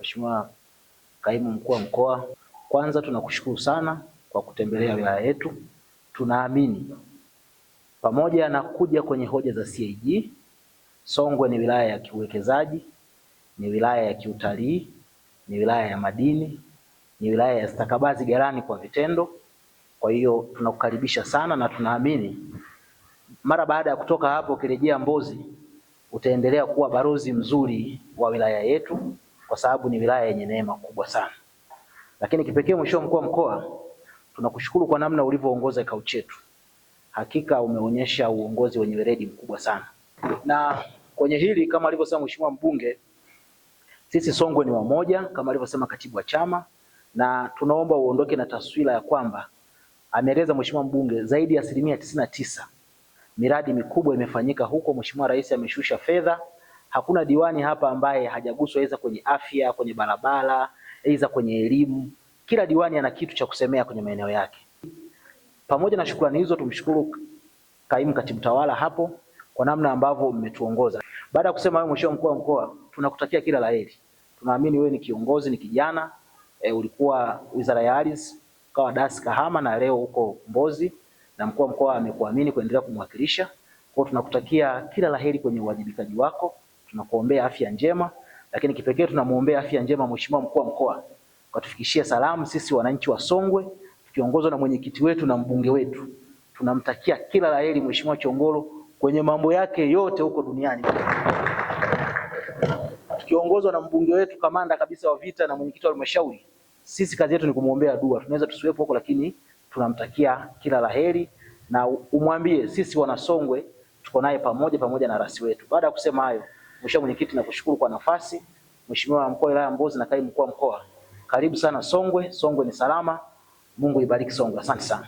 Mheshimiwa Kaimu Mkuu wa Mkoa, kwanza tunakushukuru sana kwa kutembelea wilaya yetu. Tunaamini pamoja na kuja kwenye hoja za CAG, Songwe ni wilaya ya kiuwekezaji, ni wilaya ya kiutalii, ni wilaya ya madini, ni wilaya ya stakabadhi ghalani kwa vitendo. Kwa hiyo tunakukaribisha sana na tunaamini mara baada ya kutoka hapo ukirejea Mbozi utaendelea kuwa balozi mzuri wa wilaya yetu kwa sababu ni wilaya yenye neema kubwa sana. Lakini kipekee, Mheshimiwa Mkuu wa Mkoa, tunakushukuru kwa namna ulivyoongoza kikao chetu. Hakika umeonyesha uongozi wenye weledi mkubwa sana, na kwenye hili kama alivyosema Mheshimiwa Mbunge, sisi Songwe ni wamoja kama alivyosema katibu wa chama, na tunaomba uondoke na taswira ya kwamba ameeleza Mheshimiwa Mbunge, zaidi ya asilimia tisini na tisa miradi mikubwa imefanyika huko. Mheshimiwa Rais ameshusha fedha Hakuna diwani hapa ambaye hajaguswa aidha kwenye afya, kwenye barabara, aidha kwenye elimu. Kila diwani ana kitu cha kusemea kwenye maeneo yake. Pamoja na shukrani hizo, tumshukuru kaimu katibu tawala hapo kwa namna ambavyo mmetuongoza. Baada ya kusema wewe, mheshimiwa mkuu wa mkoa, tunakutakia kila la heri. Tunaamini wewe ni kiongozi, ni kijana e, ulikuwa wizara ya ardhi, ukawa DAS Kahama, na leo uko Mbozi na mkuu wa mkoa amekuamini kuendelea kumwakilisha kwao. Tunakutakia kila la heri kwenye uwajibikaji wako tunakuombea afya njema, lakini kipekee tunamuombea afya njema Mheshimiwa mkuu wa mkoa, kwa tufikishie salamu sisi wananchi wa Songwe tukiongozwa na mwenyekiti wetu na mbunge wetu. Tunamtakia kila la heri Mheshimiwa Chongolo kwenye mambo yake yote huko duniani tukiongozwa na mbunge wetu kamanda kabisa wa vita na mwenyekiti wa halmashauri. Sisi kazi yetu ni kumwombea dua, tunaweza tusiwepo huko, lakini tunamtakia kila la heri na umwambie sisi wanasongwe tuko naye pamoja, pamoja na rasi wetu. Baada ya kusema hayo Mheshimiwa Mwenyekiti, nakushukuru kwa nafasi. Mheshimiwa mkuu wa wilaya Mbozi na kaimu mkuu wa mkoa, karibu sana Songwe. Songwe ni salama. Mungu ibariki Songwe. Asante sana.